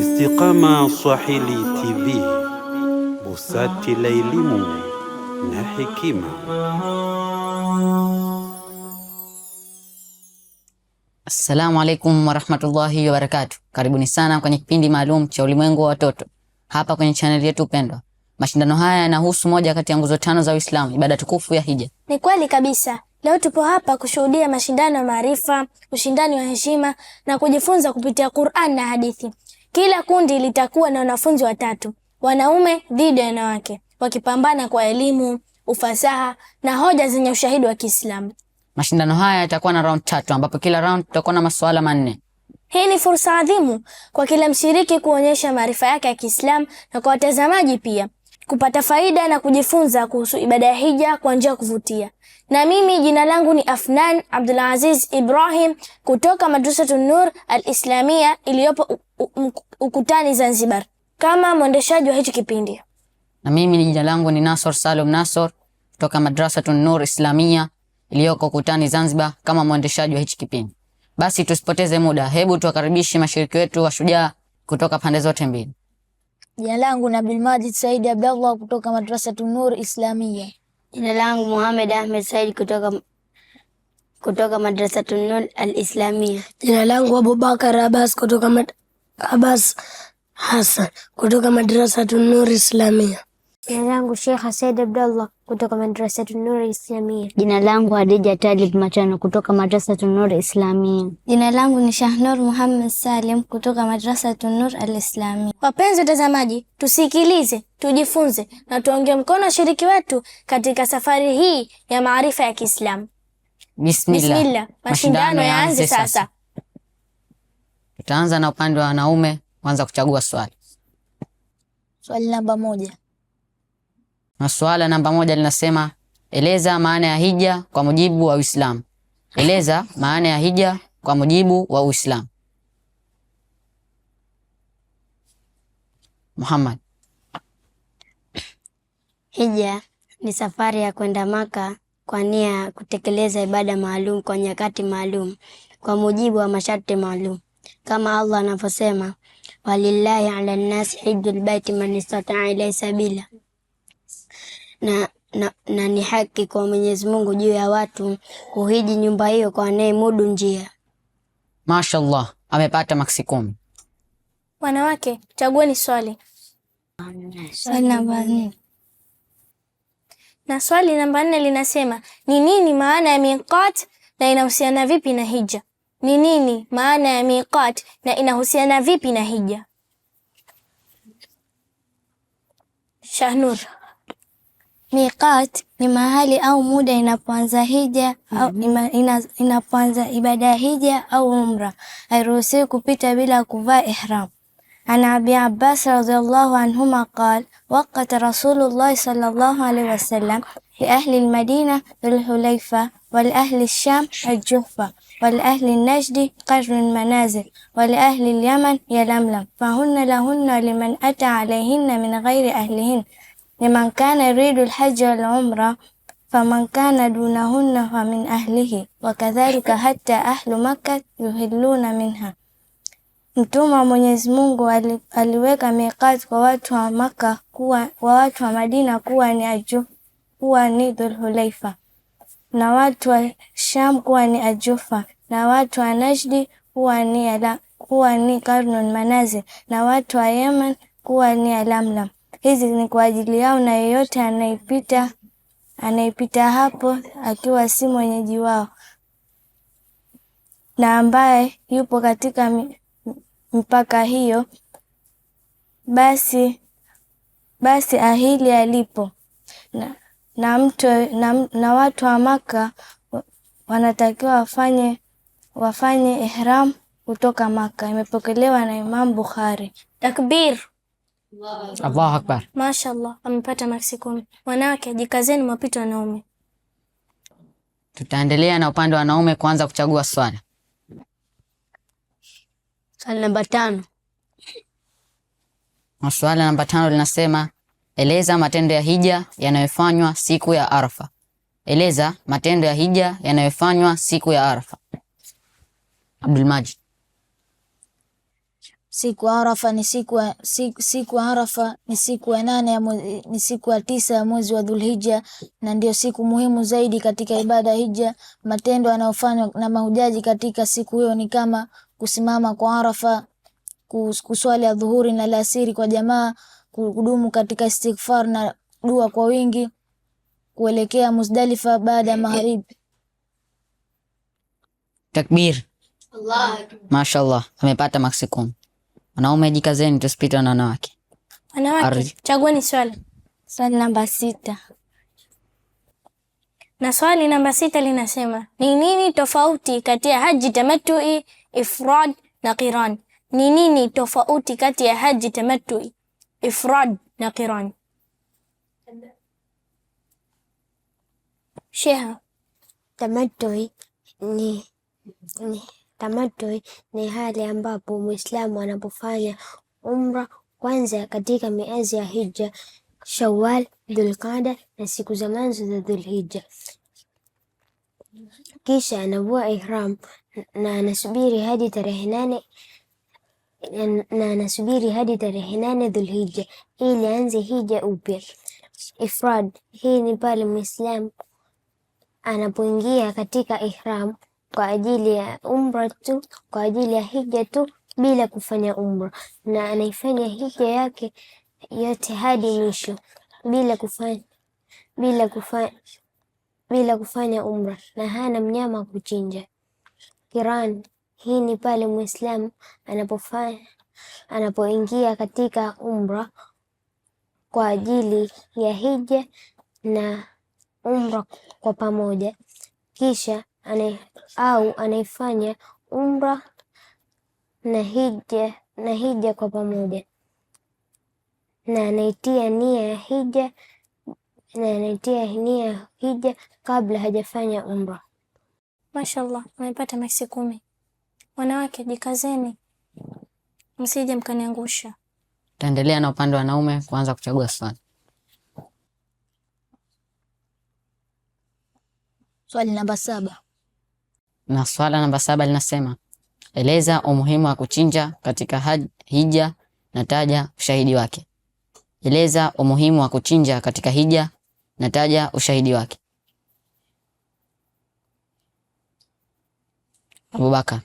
Istiqama Swahili TV, busati la elimu na hekima. Assalamu alaikum warahmatullahi wabarakatu. Karibuni sana kwenye kipindi maalum cha ulimwengu wa watoto hapa kwenye chaneli yetu pendwa. Mashindano haya yanahusu moja kati ya nguzo tano za Uislamu, ibada tukufu ya hija. Ni kweli kabisa. Leo tupo hapa kushuhudia mashindano ya maarifa, ushindani wa heshima na kujifunza kupitia Qur'an na hadithi. Kila kundi litakuwa na wanafunzi watatu, wanaume dhidi ya wanawake, wakipambana kwa elimu, ufasaha na hoja zenye ushahidi wa Kiislamu. Mashindano haya yatakuwa na round tatu ambapo kila round tutakuwa na masuala manne. Hii ni fursa adhimu kwa kila mshiriki kuonyesha maarifa yake ya Kiislamu na kwa watazamaji pia kupata faida na kujifunza kuhusu ibada ya hija kwa njia ya kuvutia na mimi jina langu ni Afnan Abdul Aziz Ibrahim kutoka Madrasatu Nur Al-Islamia iliyopo Ukutani Zanzibar, kama mwendeshaji wa hichi kipindi. Na mimi ni jina langu ni Nasor Salum Nasor kutoka Madrasatu Nur Islamia iliyoko Ukutani Zanzibar, kama mwendeshaji wa hichi kipindi. Basi tusipoteze muda, hebu tuwakaribishe mashiriki wetu wa shujaa kutoka pande zote mbili. Jina langu ni Abdul Majid Saidi Abdallah kutoka Madrasatu Nur Islamia. Jina langu Muhamed Ahmed Said kutoka kutoka madrasa Tunnul Al Islamia. Jina langu Abubakar Abbas kutoka Abbas Hassan kutoka madrasa Tunnur Islamia. Jina langu Sheikh Said Abdallah kutoka madrasa Nur Islamia. Jina langu Hadija Talib Machano kutoka madrasa Nur Islamia. Jina langu ni Shahnur Muhammad Salim kutoka madrasa Tunur Al-Islamia. Wapenzi watazamaji, tusikilize, tujifunze na tuonge mkono washiriki wetu katika safari hii ya maarifa ya Kiislamu. Bismillah. Bismillah. Mashindano yaanze sasa. Tutaanza na upande wa wanaume, kwanza kuchagua swali. Swali namba moja na swala namba moja linasema eleza maana ya hija kwa mujibu wa Uislamu. Eleza maana ya hija kwa mujibu wa Uislamu. Muhammad. Hija ni safari ya kwenda Maka kwa nia ya kutekeleza ibada maalum kwa nyakati maalum kwa mujibu wa masharti maalum, kama Allah anavyosema, walillahi ala nnasi hijjul lbaiti man istataa ilaihi sabila na, na, na ni haki kwa Mwenyezi Mungu juu ya watu kuhiji nyumba hiyo kwa anayemudu njia. Mashallah, amepata maksi kumi. Wanawake, chagua ni Swali Na swali namba nne linasema ni nini maana ya miqat na inahusiana vipi na hija? Ni nini maana ya miqat na inahusiana vipi na hija? Shahnura. miqat ni mahali au muda inapoanza hija mm -hmm. ina, inapoanza ibada ya hija au umra, hairuhusiwi kupita bila kuvaa ihram. An Abi Abbas radhiyallahu anhuma qal waqata Rasulullah sallallahu alaihi wasallam liahli lmadina dhulhulayfa walahli lsham aljuhfa walahli najdi qarnu lmanazil walahli lyaman yalamlam fahunna lahunna liman ata alayhinna min ghairi ahlihin liman kana yuridu lhaja walumra faman kana dunahunna fa min ahlihi wakadhalika hata ahlu Makka yuhilluna minha. Mtume wa Mwenyezi Mungu ali, aliweka miqat kwa watu wa Makka kuwa, wa watu wa Madina kuwa ni aju, kuwa ni Dhulhulaifa na watu wa Sham kuwa ni Ajufa na watu wa Najdi kuwa ni, kuwa ni Karnun Manazil na watu wa Yaman kuwa ni Alamlam hizi ni kwa ajili yao na yeyote anayepita anayepita hapo akiwa si mwenyeji wao na ambaye yupo katika mpaka hiyo, basi basi ahili alipo na, na, mto, na, na watu wa Maka wanatakiwa wafanye wafanye ihram kutoka Maka. Imepokelewa na Imam Bukhari. Takbir. Allahu Akbar. Mashaallah, amepata maksi kumi. Wanawake jikazeni, mapito wanaume. Tutaendelea na upande wa wanaume kuanza kuchagua swala. Swali namba tano. Swali namba tano linasema eleza matendo ya hija yanayofanywa siku ya Arafa. Eleza matendo ya hija yanayofanywa siku ya Arafa. majid Siku Arafa ni siku ya siku, siku ya Arafa ni nane ya mwezi, ni siku ya tisa ya mwezi wa Dhulhija na ndio siku muhimu zaidi katika ibada Hija. Matendo yanayofanywa na mahujaji katika siku hiyo ni kama kusimama kwa Arafa, kuswali ya dhuhuri na alasiri kwa jamaa, kudumu katika istighfar na dua kwa wingi, kuelekea Muzdalifa baada ya magharibi. Takbir! Allahu Akbar! Mashallah, amepata maksi kumi. Wanaume jikazeni, tusipite na wanawake. Wanawake, swali. Swali namba sita, na swali namba sita linasema ni nini tofauti kati ya haji tamatui, ifrad na qiran? Ni nini tofauti kati ya haji tamatui, ifrad na qiran? Sheha, tamatui ni, ni tamatoi ni hali ambapo Muislamu anapofanya umra kwanza katika miezi ya Hija, Shawwal, Dhulqaada na siku za mwanzo za Dhulhijja. Kisha anavua ihram na anasubiri hadi tarehe nane na anasubiri hadi tarehe nane Dhulhijja ili aanze hija upya. Ifrad, hii ni pale Muislamu anapoingia katika ihram kwa ajili ya umra tu, kwa ajili ya hija tu, bila kufanya umra, na anaifanya hija yake yote hadi mwisho bila kufanya, bila kufanya, bila kufanya umra, na hana mnyama kuchinja. Kiran hii ni pale Muislamu anapofanya anapoingia katika umra kwa ajili ya hija na umra kwa pamoja, kisha ane, au anayefanya umra na hija, na hija kwa pamoja na anaitia nia ya hija na anaitia nia ya hija kabla hajafanya umra. Mashallah, amepata maisi kumi. Wanawake jikazeni, msije mkaniangusha. Taendelea na upande wa wanaume kuanza kuchagua swali. Swali namba saba. Na swala namba saba linasema eleza umuhimu wa kuchinja katika haj, hija na taja ushahidi wake. Eleza umuhimu wa kuchinja katika hija na taja ushahidi wake. Abubakar,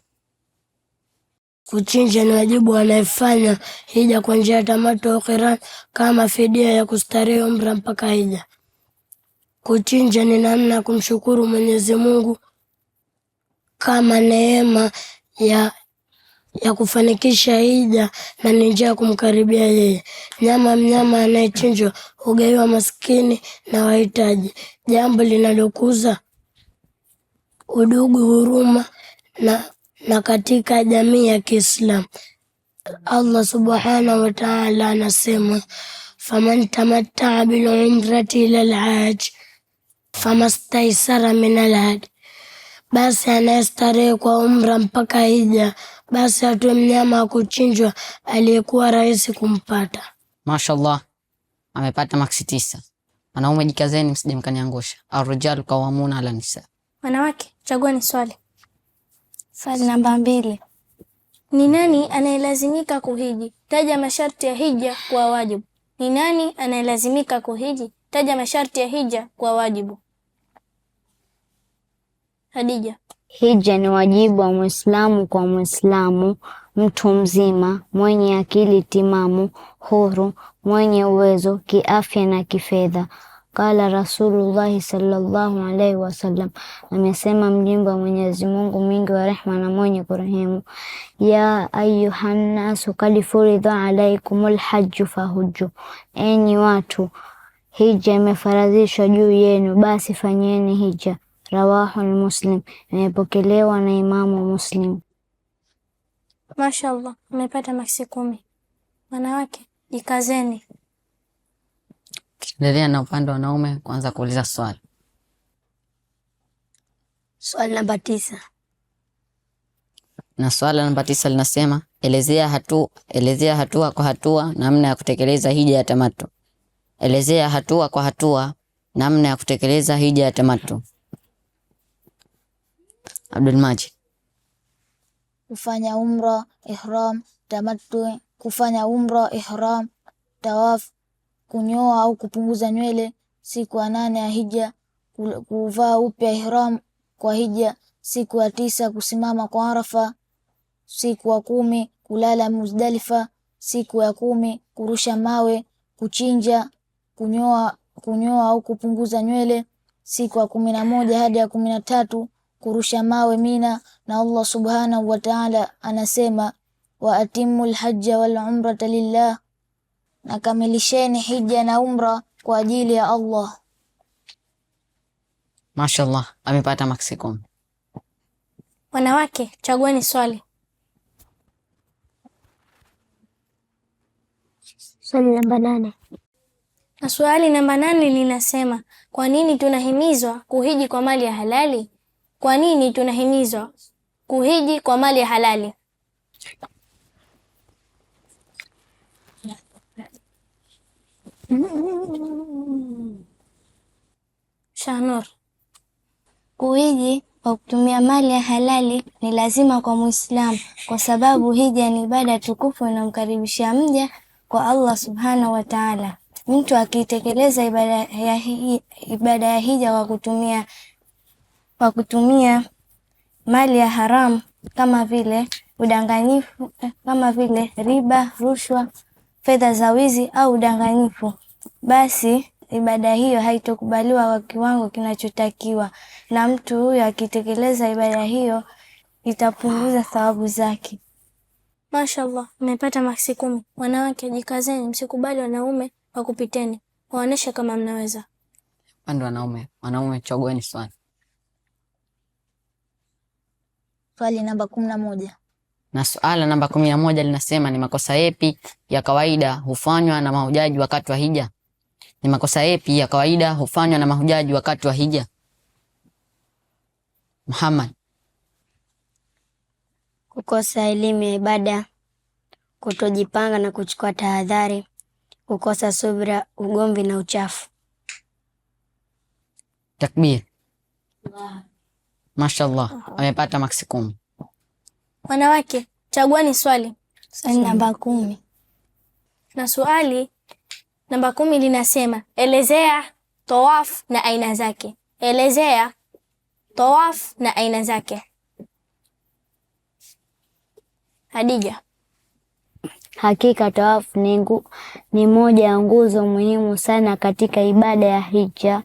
kuchinja ni wajibu anayefanya hija kwa njia ya tamato au qiran kama fidia ya kustarehe umra mpaka hija. Kuchinja ni namna ya kumshukuru Mwenyezi Mungu kama neema ya ya kufanikisha hija na ni njia ya kumkaribia yeye. Nyama mnyama anayechinjwa hugaiwa maskini na wahitaji, jambo linalokuza udugu, huruma na, na katika jamii ya Kiislamu Allah subhanahu wa ta'ala anasema faman tamattaa bilumrati ila lhaji famastaisara min alhadi basi anayestarehe kwa umra mpaka hija, basi atwe mnyama wa kuchinjwa aliyekuwa rahisi kumpata. Mashallah, amepata maksi tisa. Wanaume jikazeni, msije mkaniangusha. Arrijal kawamuna ala nisa, wanawake Ni swali. Swali namba mbili: ni nani anayelazimika kuhiji? Taja masharti ya hija kwa wajibu. Ni nani anayelazimika kuhiji? Taja masharti ya hija kwa wajibu. Hadija, hija ni wajibu wa Mwislamu kwa Mwislamu mtu mzima mwenye akili timamu, huru, mwenye uwezo kiafya na kifedha. Kala Rasulullahi sallallahu alaihi wasallam, amesema mjumbe wa Mwenyezi Mungu mwingi wa rehma na mwenye kurehemu: ya ayuhannasu kad furidha alaikumul hajju fahujju, enyi watu, hija imefaradhishwa juu yenu, basi fanyeni hija rawahu Muslim, imepokelewa na Imamu Muslim. Mashaallah, umepata maksi kumi. Wanawake jikazeni. Endelea na upande wa wanaume kwanza kuuliza swali. Swali namba tisa na swala namba tisa linasema elezea hatu elezea hatua kwa hatua namna ya kutekeleza hija ya tamatu Elezea hatua kwa hatua namna ya kutekeleza hija ya tamatu Abdul Majid. Kufanya umra ihram, tamattu, kufanya umra ihram, tawaf, kunyoa au kupunguza nywele siku ya nane ya hija, kuvaa upya ihram kwa hija, siku ya tisa kusimama kwa Arafa, siku ya kumi kulala Muzdalifa, siku ya kumi kurusha mawe, kuchinja, kunyoa kunyoa au kupunguza nywele, siku ya kumi na moja hadi ya kumi na tatu kurusha mawe Mina, na Allah subhanahu wa taala anasema wa atimu lhaja walumrata lillah, na kamilisheni hija na umra kwa ajili ya Allah. Mashallah, amepata maksi kumi. Wanawake, chagueni swali. Swali namba nane na swali namba nane linasema, kwa nini tunahimizwa kuhiji kwa mali ya halali? Kwa nini tunahimizwa kuhiji kwa mali ya halali? Shanur, kuhiji kwa kutumia mali ya halali ni lazima kwa Muislamu kwa sababu hija ni ibada tukufu inamkaribisha mja kwa Allah subhanahu wa taala. Mtu akitekeleza ibada ya hija kwa kutumia kwa kutumia mali ya haramu kama vile udanganyifu, eh, kama vile riba, rushwa, fedha za wizi au udanganyifu, basi ibada hiyo haitokubaliwa kwa kiwango kinachotakiwa, na mtu huyo akitekeleza ibada hiyo itapunguza thawabu zake. Mashallah, mmepata maksi kumi. Wanawake jikazeni, msikubali wanaume wakupiteni, waoneshe kama mnaweza. Pande wanaume, wanaume chagueni sana. Swali namba kumi na moja na suala namba kumi na moja linasema ni makosa yepi ya kawaida hufanywa na mahujaji wakati wa hija? Ni makosa yepi ya kawaida hufanywa na mahujaji wakati wa hija? Muhammad. Kukosa elimu ya ibada, kutojipanga na kuchukua tahadhari, kukosa subira, ugomvi na uchafu. Takbir. Allah. Mashallah, amepata maksi kumi. Wanawake, ni swali. Swali namba kumi na swali namba kumi linasema elezea tawaf na aina zake. Elezea tawaf na aina zake. Hadija. Hakika tawaf ni, ni moja ya nguzo muhimu sana katika ibada ya hija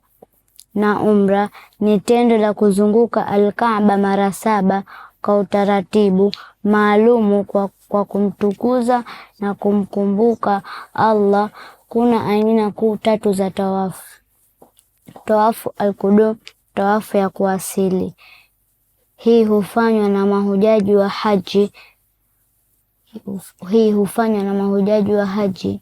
na umra ni tendo la kuzunguka Alkaaba mara saba kwa utaratibu maalumu kwa, kwa kumtukuza na kumkumbuka Allah. Kuna aina kuu tatu za tawafu: tawafu alkudum tawafu ya kuasili. Hii hufanywa na mahujaji wa haji hii hufanywa na mahujaji wa haji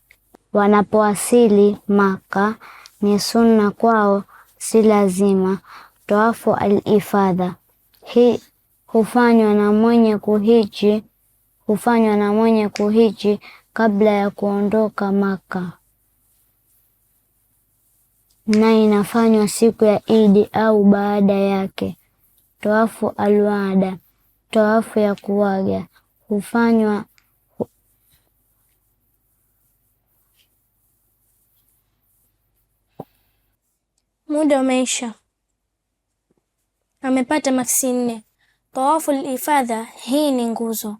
wanapowasili Maka. Ni sunna kwao si lazima. toafu alifadha hii hufanywa na mwenye kuhiji kabla ya kuondoka maka na inafanywa siku ya Idi au baada yake. toafu alwada, toafu ya kuwaga hufanywa Muda umeisha. Amepata maksi nne. Tawafu ifadha hii ni nguzo.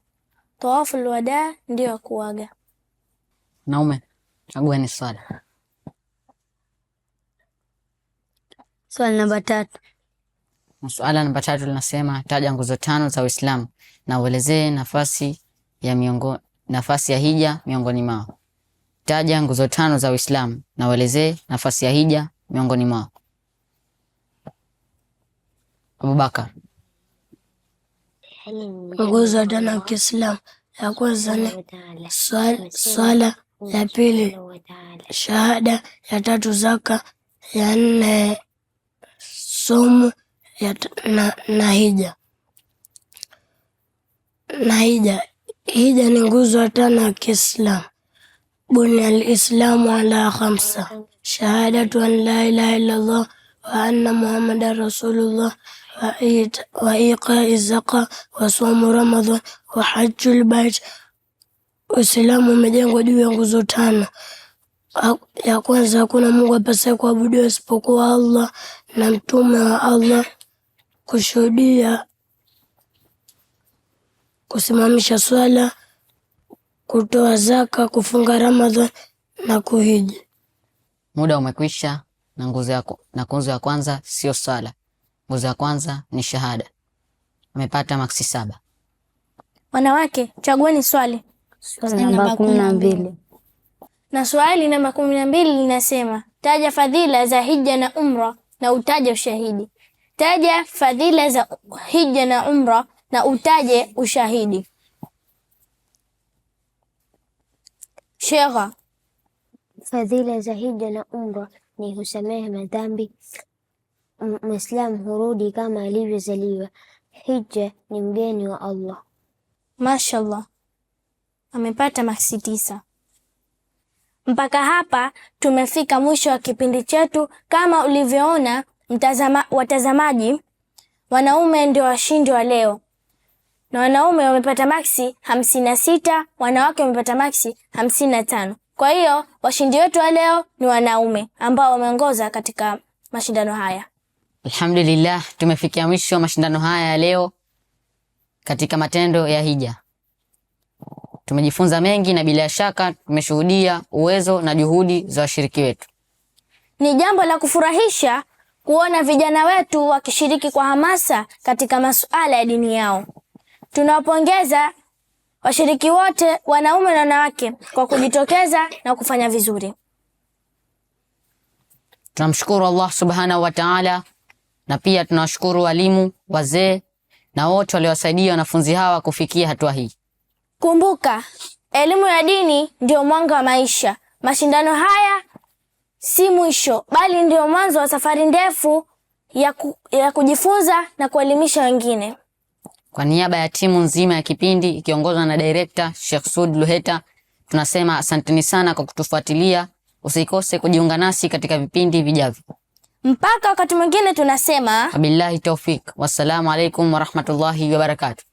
tawafu wadaa ndio ya kuaga. Naume, chagua ni swala. swala namba tatu. Swala namba tatu linasema taja nguzo tano za Uislamu na uelezee nafasi ya miongo, nafasi ya hija miongoni mwao. Taja nguzo tano za Uislamu na uelezee nafasi ya hija miongoni mwao. Abubakar. Nguzo tano ya Kiislamu, ya kwanza ni swala, ya pili shahada, ya tatu zaka, ya nne somo na hija na hija. Hija ni nguzo tano ya Kiislamu. Bunya alislamu ala khamsa shahadatu an la ilaha Allah waanna muhammadan rasulullah wa iqai zaka wa somu ramadhan wa hajjul bait. Uislamu umejengwa juu ya nguzo tano. Ya kwanza, hakuna Mungu apasaye kuabudiwa isipokuwa Allah na mtume wa Allah, kushuhudia, kusimamisha swala, kutoa zaka, kufunga Ramadhan na kuhiji. Muda umekwisha na nguzo ya, na nguzo ya kwanza sio swala. Nguzo ya kwanza ni shahada. Amepata maksi saba. Wanawake, chagueni swali. Swali namba kumi na mbili na swali namba kumi na mbili linasema taja fadhila za hija na umra na utaje ushahidi. Taja fadhila za hija na umra na utaje ushahidi. Shekha, fadhila za hija na umra ni husamehe madhambi. Mwislamu hurudi kama alivyozaliwa. Hija ni mgeni wa Allah. Mashallah, amepata maksi tisa. Mpaka hapa tumefika mwisho wa kipindi chetu. Kama ulivyoona mtazama, watazamaji, wanaume ndio washindi wa leo na wanaume wamepata maksi hamsini na sita, wanawake wamepata maksi hamsini na tano. Kwa hiyo washindi wetu wa leo ni wanaume ambao wameongoza katika mashindano haya. Alhamdulillah, tumefikia mwisho wa mashindano haya ya leo katika matendo ya hija. Tumejifunza mengi na bila shaka tumeshuhudia uwezo na juhudi za washiriki wetu. Ni jambo la kufurahisha kuona vijana wetu wakishiriki kwa hamasa katika masuala ya dini yao. Tunawapongeza washiriki wote wanaume na wanawake kwa kujitokeza na kufanya vizuri. Tunamshukuru Allah subhanahu wa taala, na pia tunawashukuru walimu, wazee na wote waliowasaidia wanafunzi hawa kufikia hatua hii. Kumbuka, elimu ya dini ndio mwanga wa maisha. Mashindano haya si mwisho, bali ndio mwanzo wa safari ndefu ya, ku, ya kujifunza na kuelimisha wengine. Kwa niaba ya timu nzima ya kipindi ikiongozwa na direkta Sheikh Sud Luheta, tunasema asanteni sana kwa kutufuatilia. Usikose kujiunga nasi katika vipindi vijavyo. Mpaka wakati mwingine, tunasema wabillahi taufik, wassalamu alaikum warahmatullahi wabarakatuh.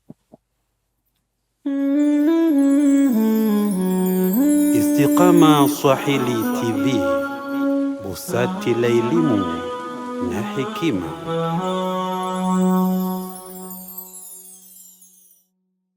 Istiqama Swahili TV, busati la elimu na hekima.